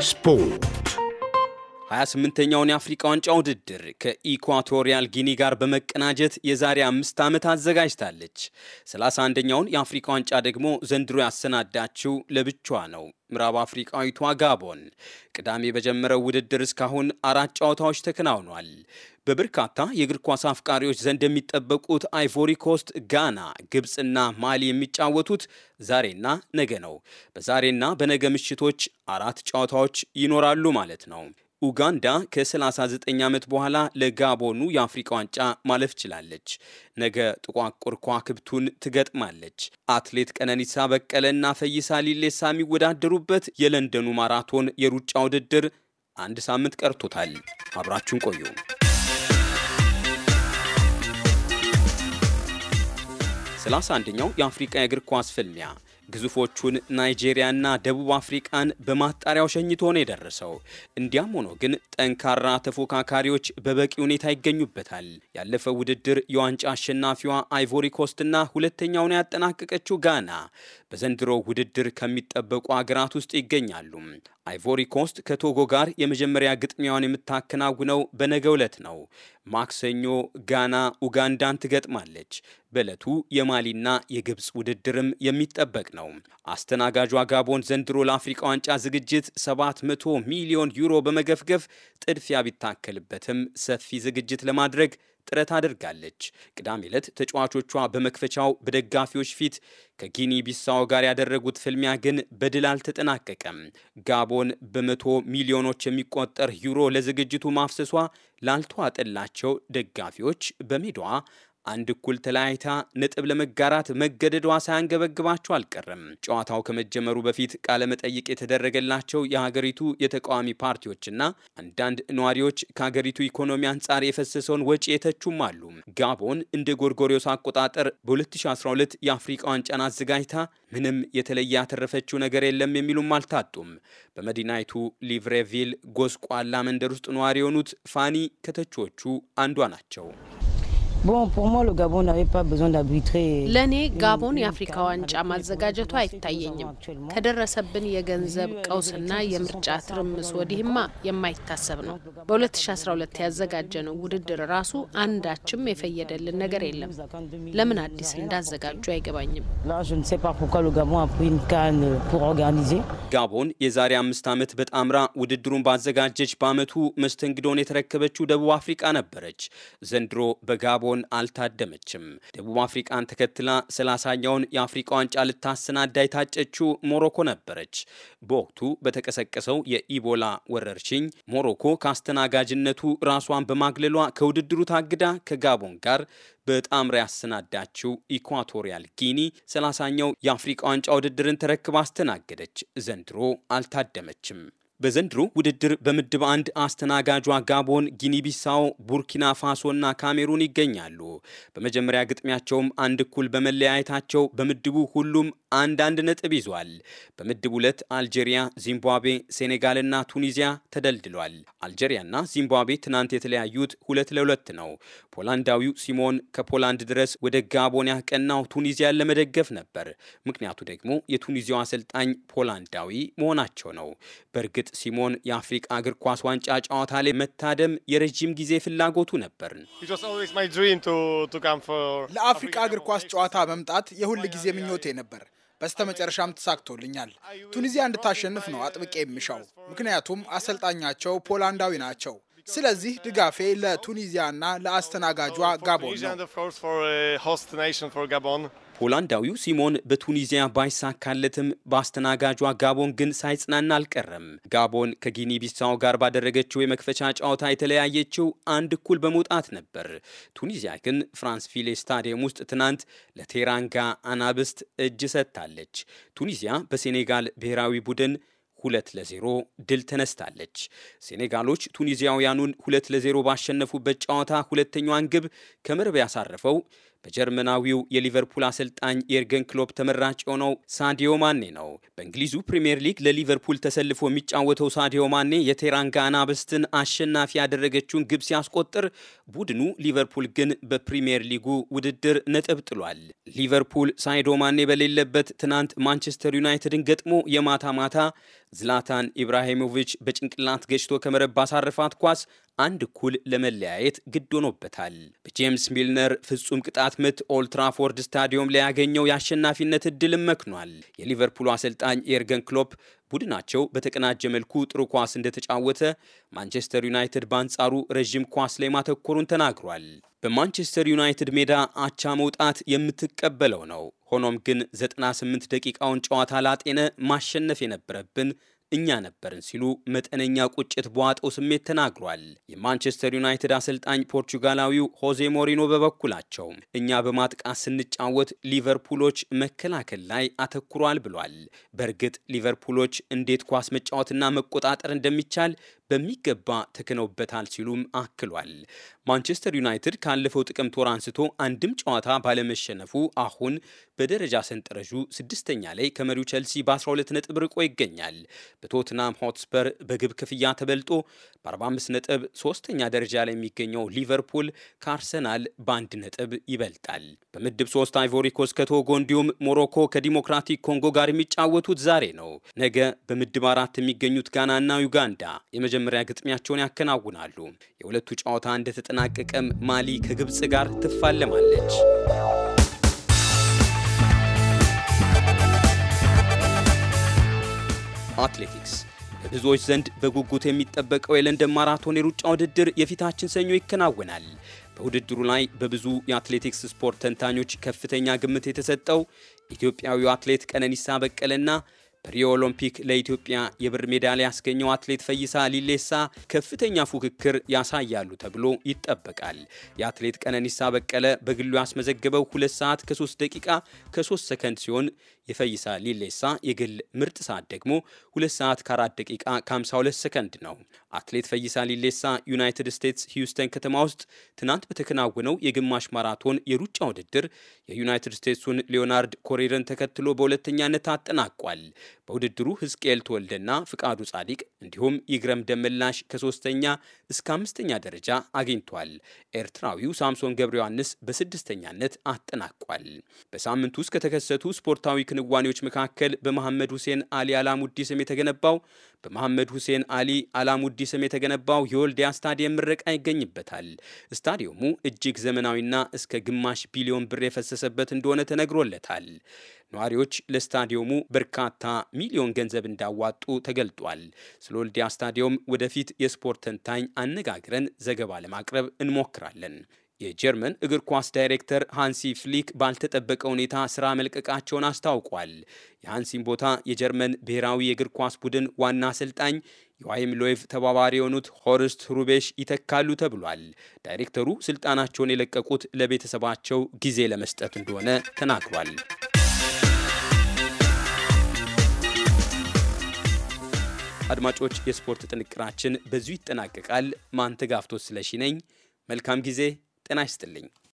Sport. 28ኛውን የአፍሪቃ ዋንጫ ውድድር ከኢኳቶሪያል ጊኒ ጋር በመቀናጀት የዛሬ አምስት ዓመት አዘጋጅታለች። 31ኛውን የአፍሪቃ ዋንጫ ደግሞ ዘንድሮ ያሰናዳችው ለብቿ ነው። ምዕራብ አፍሪቃዊቷ ጋቦን ቅዳሜ በጀመረው ውድድር እስካሁን አራት ጨዋታዎች ተከናውኗል። በበርካታ የእግር ኳስ አፍቃሪዎች ዘንድ የሚጠበቁት አይቮሪ ኮስት፣ ጋና፣ ግብፅና ማሊ የሚጫወቱት ዛሬና ነገ ነው። በዛሬና በነገ ምሽቶች አራት ጨዋታዎች ይኖራሉ ማለት ነው። ኡጋንዳ ከ39 ዓመት በኋላ ለጋቦኑ የአፍሪቃ ዋንጫ ማለፍ ችላለች። ነገ ጥቋቁር ከዋክብቱን ትገጥማለች። አትሌት ቀነኒሳ በቀለና ፈይሳ ሊሌሳ የሚወዳደሩበት የለንደኑ ማራቶን የሩጫ ውድድር አንድ ሳምንት ቀርቶታል። አብራችሁን ቆዩ። ሰላሳ አንደኛው የአፍሪቃ የእግር ኳስ ፍልሚያ ግዙፎቹን ናይጄሪያና ደቡብ አፍሪቃን በማጣሪያው ሸኝቶ ነው የደረሰው። እንዲያም ሆኖ ግን ጠንካራ ተፎካካሪዎች በበቂ ሁኔታ ይገኙበታል። ያለፈው ውድድር የዋንጫ አሸናፊዋ አይቮሪ ኮስትና ሁለተኛውን ያጠናቀቀችው ጋና በዘንድሮ ውድድር ከሚጠበቁ አገራት ውስጥ ይገኛሉ። አይቮሪ ኮስት ከቶጎ ጋር የመጀመሪያ ግጥሚያዋን የምታከናውነው በነገ ዕለት ነው። ማክሰኞ ጋና ኡጋንዳን ትገጥማለች። በዕለቱ የማሊና የግብፅ ውድድርም የሚጠበቅ ነው። አስተናጋጇ ጋቦን ዘንድሮ ለአፍሪቃ ዋንጫ ዝግጅት 700 ሚሊዮን ዩሮ በመገፍገፍ ጥድፊያ ቢታከልበትም ሰፊ ዝግጅት ለማድረግ ጥረት አድርጋለች። ቅዳሜ ዕለት ተጫዋቾቿ በመክፈቻው በደጋፊዎች ፊት ከጊኒ ቢሳው ጋር ያደረጉት ፍልሚያ ግን በድል አልተጠናቀቀም። ጋቦን በመቶ ሚሊዮኖች የሚቆጠር ዩሮ ለዝግጅቱ ማፍሰሷ ላልተዋጠላቸው ደጋፊዎች በሜዳዋ አንድ እኩል ተለያይታ ነጥብ ለመጋራት መገደዷ ሳያንገበግባቸው አልቀረም። ጨዋታው ከመጀመሩ በፊት ቃለመጠይቅ የተደረገላቸው የሀገሪቱ የተቃዋሚ ፓርቲዎችና አንዳንድ ነዋሪዎች ከሀገሪቱ ኢኮኖሚ አንጻር የፈሰሰውን ወጪ የተቹም አሉ። ጋቦን እንደ ጎርጎሪዮስ አቆጣጠር በ2012 የአፍሪቃ ዋንጫን አዘጋጅታ ምንም የተለየ ያተረፈችው ነገር የለም የሚሉም አልታጡም። በመዲናይቱ ሊቭሬቪል ጎስቋላ መንደር ውስጥ ነዋሪ የሆኑት ፋኒ ከተቾቹ አንዷ ናቸው። ለእኔ ጋቦን የአፍሪካ ዋንጫ ማዘጋጀቱ አይታየኝም። ከደረሰብን የገንዘብ ቀውስና የምርጫ ትርምስ ወዲህማ የማይታሰብ ነው። በ2012 ያዘጋጀነው ውድድር ራሱ አንዳችም የፈየደልን ነገር የለም። ለምን አዲስ እንዳዘጋጁ አይገባኝም። ጋቦን የዛሬ አምስት ዓመት በጣምራ ውድድሩን ባዘጋጀች በአመቱ መስተንግዶን የተረከበችው ደቡብ አፍሪቃ ነበረች። ዘንድሮ በጋቦ ስትሆን አልታደመችም። ደቡብ አፍሪቃን ተከትላ ሰላሳኛውን የአፍሪቃ ዋንጫ ልታሰናዳ የታጨችው ሞሮኮ ነበረች። በወቅቱ በተቀሰቀሰው የኢቦላ ወረርሽኝ ሞሮኮ ከአስተናጋጅነቱ ራሷን በማግለሏ ከውድድሩ ታግዳ ከጋቦን ጋር በጣምራ ያሰናዳችው ኢኳቶሪያል ጊኒ ሰላሳኛው የአፍሪቃ ዋንጫ ውድድርን ተረክባ አስተናገደች። ዘንድሮ አልታደመችም። በዘንድሮ ውድድር በምድብ አንድ አስተናጋጇ ጋቦን፣ ጊኒቢሳው፣ ቡርኪና ፋሶና ካሜሩን ይገኛሉ። በመጀመሪያ ግጥሚያቸውም አንድ እኩል በመለያየታቸው በምድቡ ሁሉም አንዳንድ ነጥብ ይዟል። በምድብ ሁለት አልጄሪያ፣ ዚምባብዌ፣ ሴኔጋልና ቱኒዚያ ተደልድሏል። አልጄሪያና ዚምባብዌ ትናንት የተለያዩት ሁለት ለሁለት ነው። ፖላንዳዊው ሲሞን ከፖላንድ ድረስ ወደ ጋቦን ያቀናው ቱኒዚያን ለመደገፍ ነበር። ምክንያቱ ደግሞ የቱኒዚያው አሰልጣኝ ፖላንዳዊ መሆናቸው ነው። በእርግጥ ሲሞን የአፍሪቃ እግር ኳስ ዋንጫ ጨዋታ ላይ መታደም የረዥም ጊዜ ፍላጎቱ ነበር። ለአፍሪቃ እግር ኳስ ጨዋታ መምጣት የሁል ጊዜ ምኞቴ ነበር። በስተመጨረሻም ተሳክቶልኛል። ቱኒዚያ እንድታሸንፍ ነው አጥብቄ የምሻው፣ ምክንያቱም አሰልጣኛቸው ፖላንዳዊ ናቸው። ስለዚህ ድጋፌ ለቱኒዚያና ለአስተናጋጇ ጋቦን ነው። ሆላንዳዊው ሲሞን በቱኒዚያ ባይሳካለትም በአስተናጋጇ ጋቦን ግን ሳይጽናና አልቀረም። ጋቦን ከጊኒ ቢሳው ጋር ባደረገችው የመክፈቻ ጨዋታ የተለያየችው አንድ እኩል በመውጣት ነበር። ቱኒዚያ ግን ፍራንስ ፊሌ ስታዲየም ውስጥ ትናንት ለቴራንጋ አናብስት እጅ ሰጥታለች። ቱኒዚያ በሴኔጋል ብሔራዊ ቡድን ሁለት ለዜሮ ድል ተነስታለች። ሴኔጋሎች ቱኒዚያውያኑን ሁለት ለዜሮ ባሸነፉበት ጨዋታ ሁለተኛዋን ግብ ከመረብ ያሳረፈው ከጀርመናዊው የሊቨርፑል አሰልጣኝ የርገን ክሎፕ ተመራጭ የሆነው ሳዲዮ ማኔ ነው። በእንግሊዙ ፕሪምየር ሊግ ለሊቨርፑል ተሰልፎ የሚጫወተው ሳዲዮ ማኔ የቴራንጋ በስትን አሸናፊ ያደረገችውን ግብ ሲያስቆጥር፣ ቡድኑ ሊቨርፑል ግን በፕሪምየር ሊጉ ውድድር ነጥብ ጥሏል። ሊቨርፑል ሳዲዮ ማኔ በሌለበት ትናንት ማንቸስተር ዩናይትድን ገጥሞ የማታ ማታ ዝላታን ኢብራሂሞቪች በጭንቅላት ገጭቶ ከመረብ ባሳረፋት ኳስ አንድ እኩል ለመለያየት ግድ ሆኖበታል። በጄምስ ሚልነር ፍጹም ቅጣት ምት ኦልትራፎርድ ስታዲየም ላይ ያገኘው የአሸናፊነት እድልም መክኗል። የሊቨርፑሉ አሰልጣኝ ኤርገን ክሎፕ ቡድናቸው በተቀናጀ መልኩ ጥሩ ኳስ እንደተጫወተ፣ ማንቸስተር ዩናይትድ በአንጻሩ ረዥም ኳስ ላይ ማተኮሩን ተናግሯል። በማንቸስተር ዩናይትድ ሜዳ አቻ መውጣት የምትቀበለው ነው። ሆኖም ግን 98 ደቂቃውን ጨዋታ ላጤነ ማሸነፍ የነበረብን እኛ ነበርን ሲሉ መጠነኛ ቁጭት በዋጠው ስሜት ተናግሯል። የማንቸስተር ዩናይትድ አሰልጣኝ ፖርቹጋላዊው ሆዜ ሞሪኖ በበኩላቸው እኛ በማጥቃት ስንጫወት ሊቨርፑሎች መከላከል ላይ አተኩሯል ብሏል። በእርግጥ ሊቨርፑሎች እንዴት ኳስ መጫወትና መቆጣጠር እንደሚቻል በሚገባ ተክነውበታል ሲሉም አክሏል። ማንቸስተር ዩናይትድ ካለፈው ጥቅምት ወር አንስቶ አንድም ጨዋታ ባለመሸነፉ አሁን በደረጃ ሰንጠረዡ ስድስተኛ ላይ ከመሪው ቸልሲ በ12 ነጥብ ርቆ ይገኛል። በቶትናም ሆትስፐር በግብ ክፍያ ተበልጦ በ45 ነጥብ ሶስተኛ ደረጃ ላይ የሚገኘው ሊቨርፑል ከአርሰናል በአንድ ነጥብ ይበልጣል። በምድብ ሶስት አይቮሪኮስ ከቶጎ እንዲሁም ሞሮኮ ከዲሞክራቲክ ኮንጎ ጋር የሚጫወቱት ዛሬ ነው። ነገ በምድብ አራት የሚገኙት ጋናና ዩጋንዳ የመጀመሪያ ግጥሚያቸውን ያከናውናሉ። የሁለቱ ጨዋታ እንደተጠናቀቀም ማሊ ከግብፅ ጋር ትፋለማለች። አትሌቲክስ በብዙዎች ዘንድ በጉጉት የሚጠበቀው የለንደን ማራቶን የሩጫ ውድድር የፊታችን ሰኞ ይከናወናል። በውድድሩ ላይ በብዙ የአትሌቲክስ ስፖርት ተንታኞች ከፍተኛ ግምት የተሰጠው ኢትዮጵያዊው አትሌት ቀነኒሳ በቀለና በሪዮ ኦሎምፒክ ለኢትዮጵያ የብር ሜዳሊያ ያስገኘው አትሌት ፈይሳ ሊሌሳ ከፍተኛ ፉክክር ያሳያሉ ተብሎ ይጠበቃል። የአትሌት ቀነኒሳ በቀለ በግሉ ያስመዘገበው ሁለት ሰዓት ከ3 ደቂቃ ከ3 ሰከንድ ሲሆን የፈይሳ ሊሌሳ የግል ምርጥ ሰዓት ደግሞ ሁለት ሰዓት ከ4 ደቂቃ ከ52 ሰከንድ ነው። አትሌት ፈይሳ ሊሌሳ ዩናይትድ ስቴትስ ሂውስተን ከተማ ውስጥ ትናንት በተከናወነው የግማሽ ማራቶን የሩጫ ውድድር የዩናይትድ ስቴትሱን ሊዮናርድ ኮሪርን ተከትሎ በሁለተኛነት አጠናቋል። በውድድሩ ህዝቅኤል ተወልደና ፍቃዱ ጻዲቅ እንዲሁም ይግረም ደመላሽ ከሶስተኛ እስከ አምስተኛ ደረጃ አግኝቷል። ኤርትራዊው ሳምሶን ገብረ ዮሐንስ በስድስተኛነት አጠናቋል። በሳምንቱ ውስጥ ከተከሰቱ ስፖርታዊ ክንዋኔዎች መካከል በመሐመድ ሁሴን አሊ አላሙዲ ስም የተገነባው በመሐመድ ሁሴን አሊ አላሙዲ ስም የተገነባው የወልዲያ ስታዲየም ምረቃ ይገኝበታል። ስታዲየሙ እጅግ ዘመናዊና እስከ ግማሽ ቢሊዮን ብር የፈሰሰበት እንደሆነ ተነግሮለታል። ነዋሪዎች ለስታዲየሙ በርካታ ሚሊዮን ገንዘብ እንዳዋጡ ተገልጧል። ስለ ወልዲያ ስታዲየም ወደፊት የስፖርት ተንታኝ አነጋግረን ዘገባ ለማቅረብ እንሞክራለን። የጀርመን እግር ኳስ ዳይሬክተር ሃንሲ ፍሊክ ባልተጠበቀ ሁኔታ ስራ መልቀቃቸውን አስታውቋል። የሃንሲን ቦታ የጀርመን ብሔራዊ የእግር ኳስ ቡድን ዋና አሰልጣኝ የዋይም ሎይቭ ተባባሪ የሆኑት ሆርስት ሩቤሽ ይተካሉ ተብሏል። ዳይሬክተሩ ስልጣናቸውን የለቀቁት ለቤተሰባቸው ጊዜ ለመስጠት እንደሆነ ተናግሯል። አድማጮች፣ የስፖርት ጥንቅራችን በዚሁ ይጠናቀቃል። ማንተጋፍቶ ስለሺ ነኝ። መልካም ጊዜ። ጤና ይስጥልኝ።